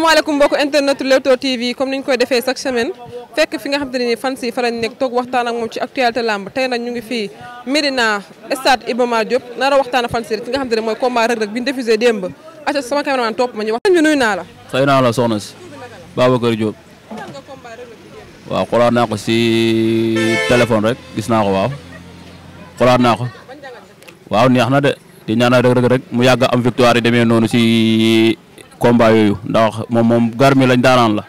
asalaamaaleykum mbokku internet Leewtoo TV comme ni ñu koy defee chaque semaine fekk fi nga xam te ne nekk toog waxtaan moom ci actualité lamb tey nag ñu ngi fii Médina stade Iba Mar Diop nar a waxtaan ak mooy combat bi ñu diffusé démb acca sama caméraman topp ma ñu wax ñu nuyu naa la fay naa la soxna si Babacar Diop waaw xoolaat naa ko si téléphone rek gis naa ko waaw xoolaat naa ko waaw neex na de di ñaanal Reug Reug rek mu yàgg am victoire yi noonu si combat yooyu ndax moom moom garmi lañ daanaan la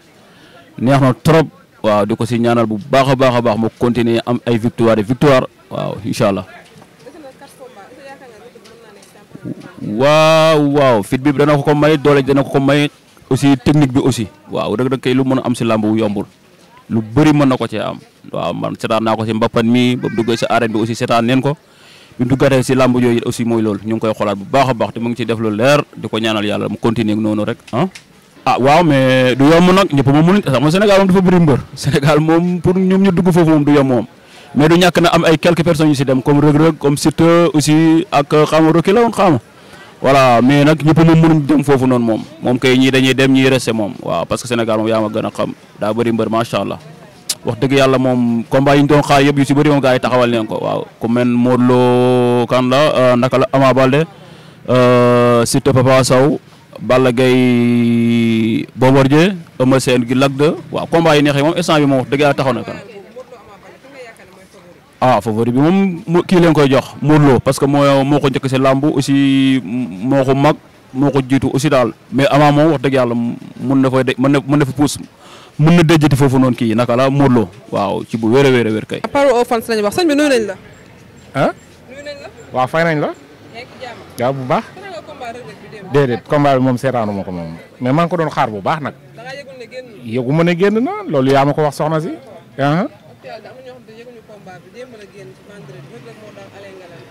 neex na trop waaw di ko si ñaanal bu baax a baax a baax mu continuer am ay victoire et victoire waaw incha waaw waaw fit bi dana ko ko may doole dana ko ko may aussi technique bi aussi waaw rek rek kay lu mën am si làmb wu yombul lu bëri mën na ko cee am waaw man naa ko si mbappan mi ba duggee si arène bi aussi seetaan neen ko bi duggatee si làmb yooyu aussi mooy loolu ñu ngi koy xoolaat bu baax a baax te mu ngi ciy def lu leer di ko ñaanal yàlla mu continuer noonu rek ah ah waaw mais du yomb ñëpp moom mënuñ xam nga Sénégal moom dafa bëri mbër Sénégal moom pour ñoom ñu dugg foofu moom du yomb moom mais du ñàkk na am ay quelques personnes yu si dem comme rëg-rëg comme Siteu aussi ak xaama rëkki la woon xaama voilà mais nag ñëpp moom mënuñ dem foofu noonu moom moom kay ñii dañuy dem ñiy resté moom waaw parce que Sénégal moom yaa gën a xam daa bari mbër macha allah wax dëgg yàlla moom combat yi doon xaar yëpp yu si bëri moom gars yi taxawal leen ko waaw ku mel Modou Lo kan la euh, naka la Ama Balde euh, Siteu Papa Sow Balla Gaye Bombardier Eumeu Sène gi Lac de waaw combat yi neexee moom instant bi moom ah, moom kii leen koy jox Modou Lo parce que moo moo ko njëkk si làmb mag moo ko jiitu aussi daal mais Ama wax dëgg yàlla mën na fa mën na mën fa puus mën na déjjati foofu noonu kii naka la Modou waaw ci bu wér a wér a wér kay. fans lañu wax sëñ bi nuyu nañ la. ah. waaw fay nañ la. yaa bu baax. déedéet combat bi moom seetaanu ma ko moom mais maa ngi ko doon xaar bu baax nag. yëgu ma ne génn na loolu yaa ma ko wax soxna si.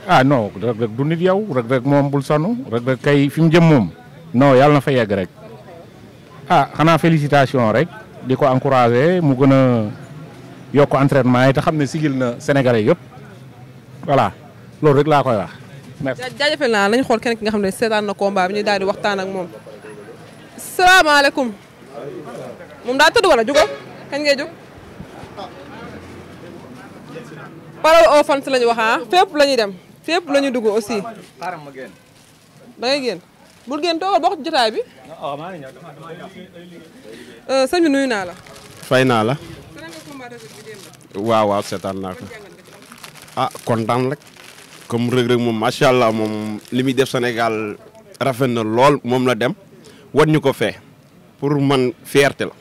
ah non rek rek du nit yow rek rek moom bul sonn rek rek kay fi mu jëm moom. non yàlla na fa yegg rek. ah xanaa félicitation rek. di ko encouragé mu gën a yokk entraînement yi te xam ne sigil na Sénégalais yëpp voilà loolu rek laa koy wax. merci jaajëfal naa lañu xool kenn ki nga xam ne seetaan na combat bi ñu daal di waxtaan ak moom. salaamaaleykum. moom daa tëdd wala jugal kañ ngay jóg. parole aux fans la ñu wax ah fépp la ñuy dem fépp la ñuy dugg aussi. da génn. bul ngeen toogal bokk jotaay bi. waaw ah, maa euh, naa la. fay naa la. waaw waaw seetaan naa ko. ah kontaan rek. comme Reug Reug moom macha allah moom li muy def Sénégal rafet na lool moom la dem. wan ñu ko fee. pour man fierté la.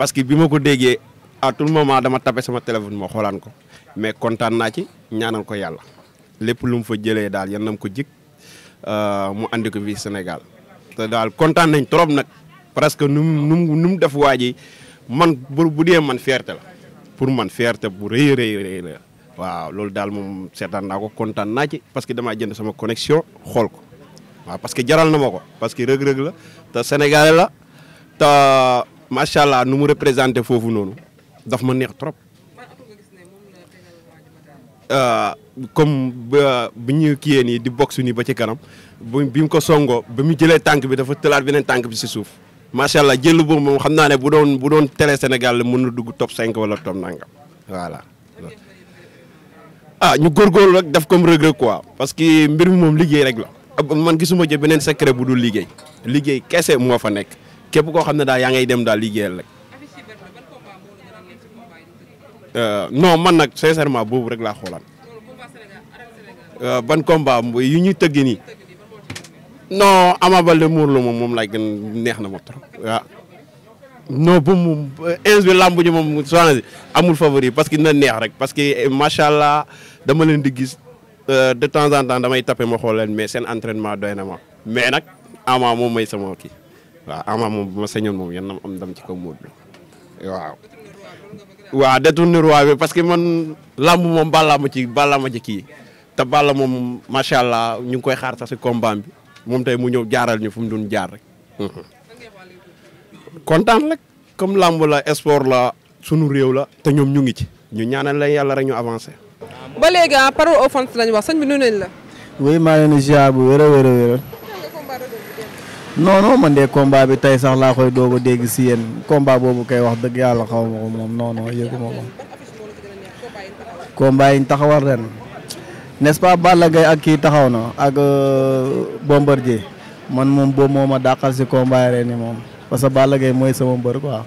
parce que bi ma ko déggee à tout moment dama tapé sama téléphone ma xoolaan ko mais kontaan naa ci ñaanal ko yàlla lépp lu mu fa jëlee daal yan nam ko jik Euh, mu andi ko fii Sénégal te daal kontaan nañ trop nag presque nu mu nu mu def waa ji man bu bu dee man fierté la pour man fierté bu rëy rëy rëy waaw loolu daal moom seetaan naa ko kontaan naa ci parce que damaa jënd sama connexion xool ko waaw parce que jaral na ma ko parce que rëg-rëg la te sénégalais la te macha allah nu mu représenté foofu noonu daf ma neex trop. Euh, comme bi ñu kiyee nii di bokk su nii ba ci kanam bu bi mu ko songoo ba mu jëlee tànk bi dafa tëlaat beneen tànk bi si suuf macha allah jël boobu moom xam naa ne bu doon bu doon télé Sénégal mun mën na dugg top 5 wala top nangam voilà. ah ñu góorgóorlu rek def comme regret quoi parce que mbir mi moom liggéey rek la ah, man gisuma jë beneen secret bu dul liggéey liggéey kese moo fa nekk képp koo xam ne daal yaa ngay dem daal liggéeyal rek. Euh, non man nag sincèrement boobu rek laa xoolaan euh, ban combat yu ñuy tëggi nii no Ama Baldé Modou Lô moom moom laa gën neex na ma trop bu mu inse bi làmb ji moom soxna si amul favori parce que na neex rek parce que eh, macha allah dama leen di gis euh, de temps en temps damay tape ma xool leen mais seen entraînement doy na ma mais nag Ama moom may sama kii waaw Ama moom bu ma sañoon moom yan na ma am ndam ci ko Modou waaw. waaw détourné roi bi parce que man làmb moom Balla ma ci Balla ma ci kii te Balla moom macha allah ñu ngi koy xaar sax si combat bi moom tey mu ñëw jaaral ñu fu mu doon jaar rek. Mhm. kontaan rek comme làmb la sport la sunu réew la te ñoom ñu ngi ci ñu ñaanal la yàlla rek ñu avancé. ba léegi ah parole au fan lañ wax bi nuyu nañ la. oui maa ngi leen di ziar bu wér a non non man de combat bi tey sax laa koy doog a dégg si yéen combat boobu kay wax dëgg yàlla xaw ma ko moom non non yëgu ma ko. combat yi ñu taxawal ren n'est-ce pas Balla ak kii taxaw na ak bombar euh, Bombardier man moom boobu moo ma dàqal si combat yi ni moom parce que Balla Gaye mooy sama mbër quoi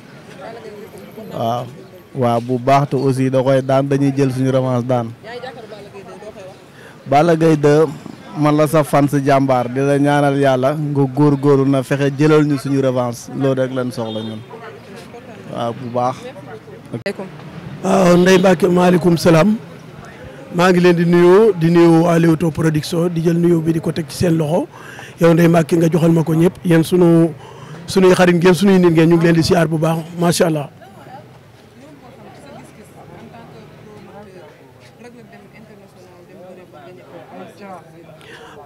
waaw. bu baax te aussi da koy daan dañuy jël suñu revanche daan. Balla Gaye de. man la sa fan si jàmbaar di la ñaanal yàlla nga góorgóorlu na fexe jëlal ñu suñu revanche loolu rek lan soxla ñun waaw bu baax. waaw Ndeye Mbacke maaleykum salaam maa ngi leen di nuyoo di nuyoo waa Leewtoo production di jël nuyoo bi di ko teg ci seen loxo yow Ndeye Mbacke nga joxal ma ko ñëpp yéen sunu sunuy xarit ngeen sunuy nit ngeen ñu ngi leen di si siyaar bu baax macha allah.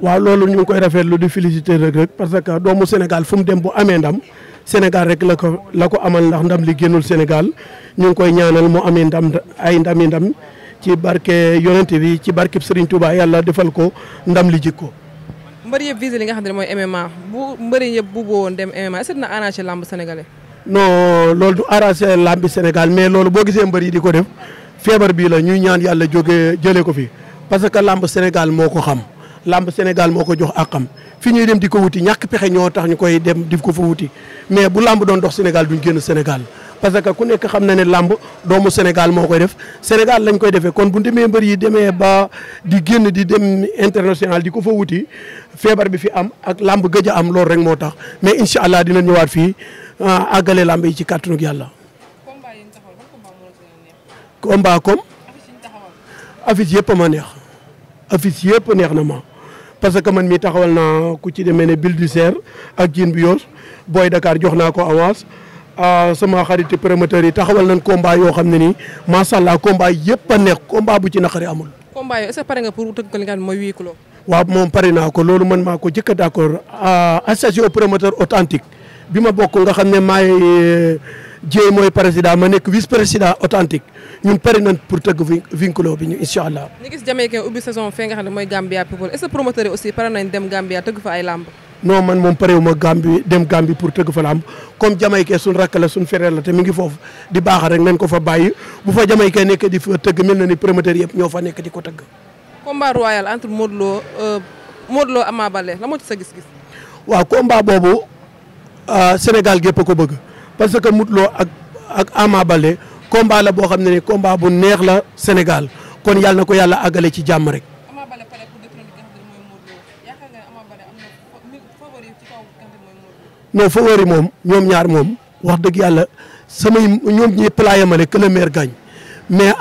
waaw loolu ñu ngi koy rafetlu di féliciter Reug Reug parce que doomu Sénégal fu dem bu amee ndam Sénégal rek la ko la ko amal ndax ndam li génnul Sénégal ñu ngi koy ñaanal mu amee ndam ay ndami ndam ci barke yonent bi ci barke Serigne Touba yàlla defal ko ndam li jikko mbër yëpp visé li nga xam ne mooy MMA bu mbëri yëpp bu woon dem MMA est-ce que dina arrangé lamb sénégalais. non loolu du arrangé lamb Sénégal mais loolu boo gisee mbari yi di ko def feebar bii la ñuy ñaan yàlla jóge jëlee ko fi parce que lamb Sénégal moo ko xam. làmb Sénégal moo ko jox àqam fi ñuy dem di ko wuti ñàkk pexe ñoo tax ñu koy dem di ko fa wuti mais bu làmb doon dox Sénégal duñ génn Sénégal parce que ku nekk xam na ne làmb doomu Sénégal moo koy def Sénégal lañ koy defee kon bu demee mbër yi demee ba di génn di dem international di ko fa wuti feebar bi fi am ak làmb gëj a am loolu rek moo tax mais incha allah dina ñëwaat fii ah, àggale làmb yi ci kàttanug yàlla. combat comme affiche yëpp a ma neex affiche yëpp neex na ma. parce que man mi taxawal na ku ci demee ne Bill du Serre ak Dieng Bios booy Dakar jox naa ko avance ah, sama xariti promoteur yi taxawal nañ combat yoo xam ne nii macha allah combat yëpp a neex combat bu ci naqari amul. combat yooyu est-ce que pare nga pour tëgg li nga xam ne mooy huis clos. waaw moom pare naa ko loolu man maa ko jëkk d'accord ah, association promoteur authentique bi ma bokk nga xam ne maay eh, Dieye mooy président ma nekk vice président authentique ñun pare nañ pour tëgg vinculo bi ñu incha allah. ñu gis Jamaïcain ubbi saison fee nga xam ne mooy Gambia People est-ce que promoteur yi aussi pare nañ dem Gambia tëgg fa ay làmb. non man moom parewu ma Gambie dem Gambie pour tëgg fa làmb comme Jamaïcain suñ rakk la suñ frère la te mi ngi foofu di baax rek nañ ko fa bàyyi bu fa Jamaïcain nekk di fa tëgg mel na ni promoteur yëpp ñoo fa nekk di ko tëgg. combat royal entre Modou Lo euh, Modou Lo Ama Baldé la moo ci sa gis-gis. waaw combat boobu. Euh, Sénégal gépp a ko bëgg parce que Modou ak ak Ama Baldé combat boo xam ne ne combat bu neex la Sénégal kon yàlla na ko yàlla àggale ci jàmm rek. non favori moom ñoom ñaar moom wax dëgg yàlla samay ñoom ñëpp laa yemale que le maire gagne mais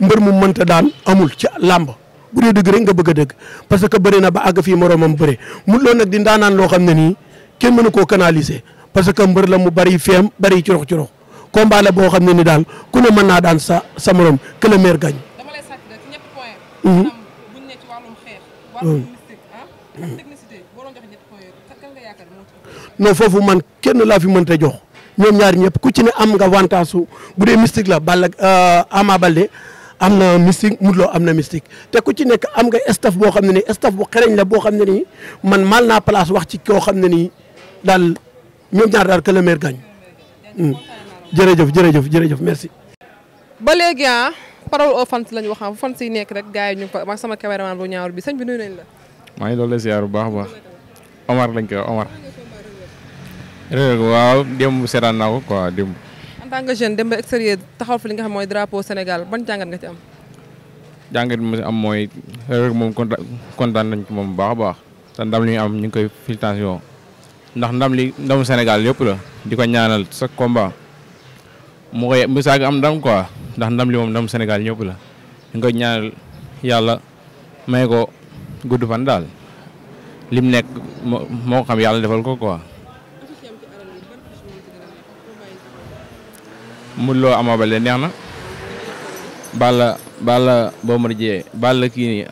mbër mu mënta daan amul ci làmb bu dëgg rek nga bëgg a dëgg parce que bëri na ba àgg fii moromam bëre Modou nag di ndaanaan loo xam ne nii. kenn mënu koo canaliser parce que mbër mu bari feem bari curux curux combat boo xam ne ni ku ne mën naa daan sa sa morom que le mhm. ci wàllum ah, foofu man kenn laa fi mënta jox ñaar ñëpp ku ci am nga avantage bu dee mystique la Balla euh, Ama Baldé am na mystique Modou Lo am na mystique te ku ci nekk am nga staff boo xam ne nii staff bu xereñ la boo xam ne nii man mal naa place wax ci koo xam ne nii. daal ñoom ñaar daal que le maire gagne hmm. jërëjëf jërëjëf jërëjëf merci. ba léegi ah parole au fans lañu wax ah fu fans yi nekk rek gars yi ñu sama cameraman bu ñaawul bi sañ bi nuyu nañ la. maa ngi doon la ziar bu baax baax Omar lañ ko wax Omar. réew waaw démb seetaan naa ko quoi démb. en tant dem ba extérieur taxaw fi li nga xam mooy drapeau Sénégal ban jàngat nga ci am. jàngat bi ma si am mooy réew moom kontaan nañ ci moom bu baax baax te ndam li ñu am ñu ngi koy félicitation. ndax ndam li ndamu Sénégal yëpp la di ko ñaanal sa combat mu koy saag am ndam quoi ndax ndam li moom ndam Sénégal ñëpp la di ko ñaanal yàlla may ko gudd fan daal lim nekk moo xam yàlla defal ko quoi. Modou Lo Ama Baldé neex na. Balla Balla Bombardier Balla kii nii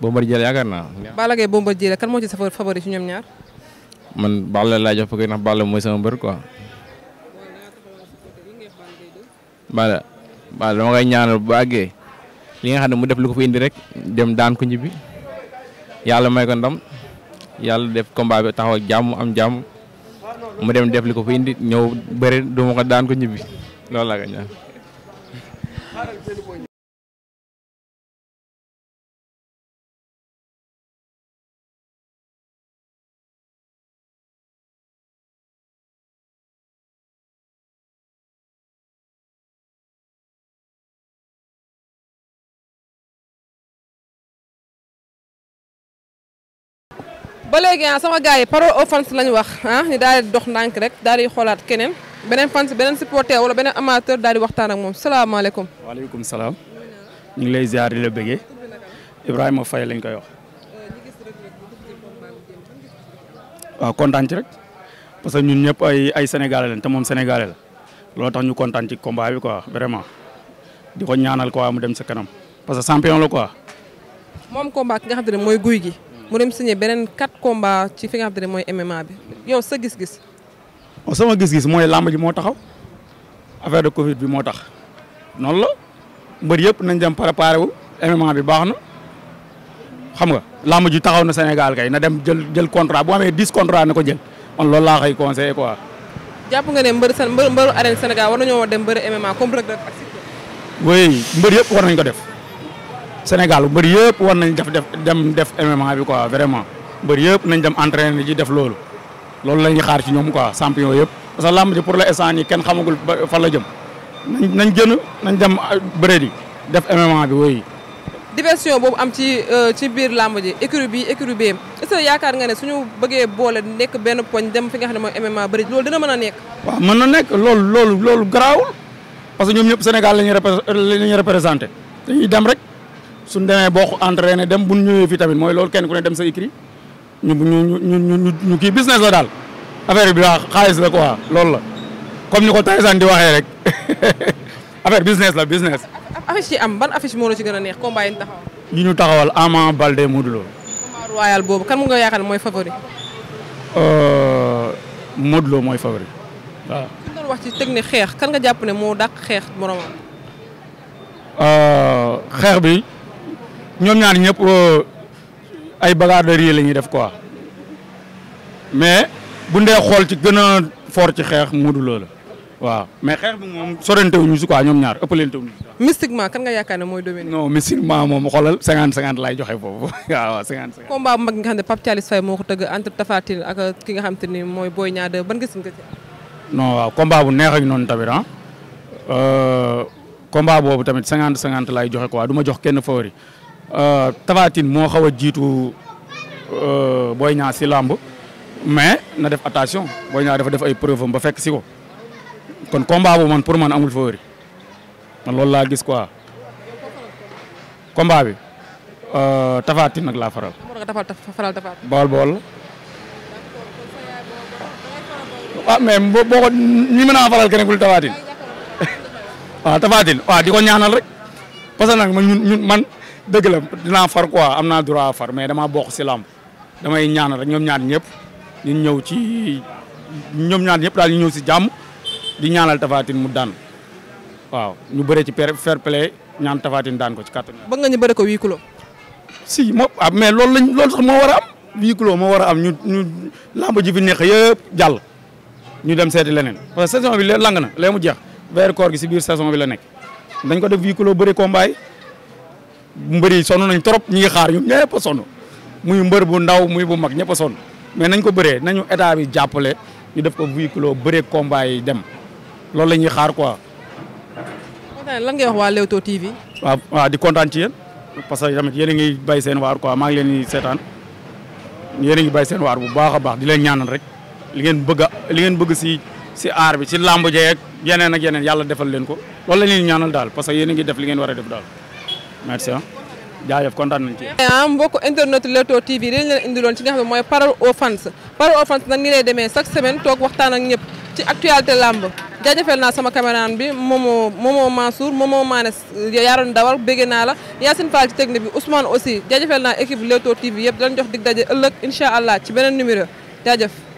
Bombardier yaakaar naa. Balla Gaye Bombardier kan moo ci sa favori ci ñoom ñaar. man Balla laa jox Pikine ndax Balla mooy sama bari quoi. Balla Balla dama koy ñaanal bu àggee li nga xam ne mu def lu ko indi rek dem daan ko ñibbi yàlla may ko ndam yàlla def combat bi taxaw ak jàmm am jàmm mu dem def li ko fi indi ñëw bari du ma ko daan ko ñibbi loolu laa ba léegi ah sama gars yi par au fans lañ wax ah ñu daal di dox ndànk rek daal di xoolaat keneen beneen fans beneen supporter wala beneen amateur daal di waxtaan ak moom salaamaaleykum. waaleykum salaam. ñu ngi lay ziar di la bëggee. Ibrahima Faye lañ koy wax. waaw kontaan rek. parce que ñun ñëpp ay ay sénégalais lañ te moom sénégalais la. tax ñu kontaan ci combat bi quoi vraiment. di ko ñaanal quoi mu dem sa kanam. parce que champion la quoi. moom combat ki nga xam te ne mooy guy gi. mu dem signé beneen quatre komba ci fi nga mooy MMA bi yow sa gis-gis. waaw oh, sama gis-gis mooy làmb ji moo taxaw affaire de Covid bi moo tax noonu la mbër yëpp nañ dem préparé bi baax na xam nga làmb ji taxaw na Sénégal kay na dem jël jël contrat bu amee dix contrat na ko jël man loolu laa koy conseillé quoi. jàpp nga ne mbër seen mbër mbëru arène Sénégal war dem mbëri MMA comme rek rek ak. oui mbër yëpp war nañ ko def. Sénégal mbër yëpp war nañ def def dem def MMA bi quoi vraiment mbër yëpp nañ dem entraîner ji def loolu loolu la ñuy xaar ci ñoom quoi champion yëpp parce que làmb ji pour l'instant nii kenn xamagul fan la jëm nañ nañ gën nañ dem euh, bëre di def MMA bi woy diversion boobu am ci euh, ci biir làmb ji écurie bi écurie bi est ce yaakaar nga ne suñu bëggee boole nekk benn poñ dem fi nga xam ne mooy MMA bëri loolu dina mën a nekk. waaw mën na nekk loolu loolu loolu parce que ñoom ñëpp Sénégal la ñuy représenté dañuy dem rek. suñ demee boo ne dem bu ñëwee fi tamit mooy loolu kenn ku ne dem sa écrit ñu ñu ñu ñu kii business la daal affaire bi waa xaalis la quoi loolu la comme ni ko Tyson di waxee rek affaire business la business. affiche yi am ban affice moo la ci gën a neex combat yi ñu taxawal. yi ñu taxawal Ama Baldé Modou boobu kan mu nga yaakaar mooy favori. Euh, Modou mooy favori waaw. xeex kan nga jàpp ne moo dàq xeex moromam. Euh, xeex bi. ñoom ñaar ñëpp euh, ay bagarrerie la ñuy def quoi mais bu ndee xool ci gën a ci xeex Modou Lo la waaw mais xeex bi moom sorante wuñu si quoi ñoom ñaar ëppalante wuñu si. mystiquement kan nga yaakaar ne mooy dominer. non mystiquement moom xoolal 50 50 laay joxe foofu waaw 50 50. combat xam ne Pape Thialis moo ko tëgg entre Tapha Tine ak ki nga xam ni mooy Boy Niang 2 nga ci. non waaw bu neex ak noonu tamit ah euh, combat boobu tamit 50 50 laay joxe quoi du ma jox kenn favori Euh, Tafatine moo xaw a jiitu euh, Boy Niang si làmb mais na def attention Boy Niang def ay preuve am fekk si ko kon combat man pour man amul favori man loolu laa gis quoi combat bi euh, Tafatine nag laa faral. bool bool. Ah, mais boo boo ko ñi mën faral keneen kul Tafatine waaw ah, Tafatine waaw di ñaanal rek parce que nag man ñun man. dëgg la dinaa far quoi am naa droit far mais dama bokk si làmb damay ñaana rek ñoom ñaar ñëpp ñu ñëw ci ñoom ñaar ñëpp daal ñu ñëw si jàmm di ñaanal tafaatin mu dan waaw ñu bëre ci fair play ñaan tafaatin daan ko ci kàttan. bëgg nga ñu bëre ko huis clos. si mo ah mais loolu lañ loolu sax moo war a am huis clos moo war a am ñu ñu làmb ji fi neex yëpp jàll ñu dem seeti leneen parce que saison bi lang na lee mu jeex weer koor gi si biir saison bi la nekk dañ ko def huis clos bëre combat mbër yi sonn nañ trop ñu ngi xaar ñoom ñëpp a sonn muy mbër bu ndaw muy bu mag ñëpp a sonn mais nañ ko bëree nañu état bi jàppale ñu def ko véhicule bëree combat yi dem loolu la ñuy xaar quoi. lan ngay wax waa Leewtoo TV. waaw waaw di kontaan ci yéen parce yéen a ngi bay seen waar quoi maa ngi leen seetaan yéen a ngi bay waar bu baax a baax di leen ñaanal rek li ngeen bëgg li ngeen bëgg si si aar bi si làmb jeeg yeneen ak yeneen defal leen ko loolu la ñuy ñaanal daal parce que yéen a def li ngeen war a def daal. merci ah kontaan nañ ci. Eh, ah, mbokku internet Leewtoo TV dañ leen indiloon ci nga xam ne mooy parole aux fans parole aux fans nag ni lay demee chaque semaine toog waxtaan ak ci actualité làmb jaajëfal naa sama caméraman bi Momo Momo Mansour Momo Mané yaaroon dawal bëgg naa la Yacine Fall ci technique bi Ousmane aussi jaajëfal naa équipe Leewtoo TV yëpp dañ jox dig daje ëllëg incha allah ci beneen numéro jaajëf.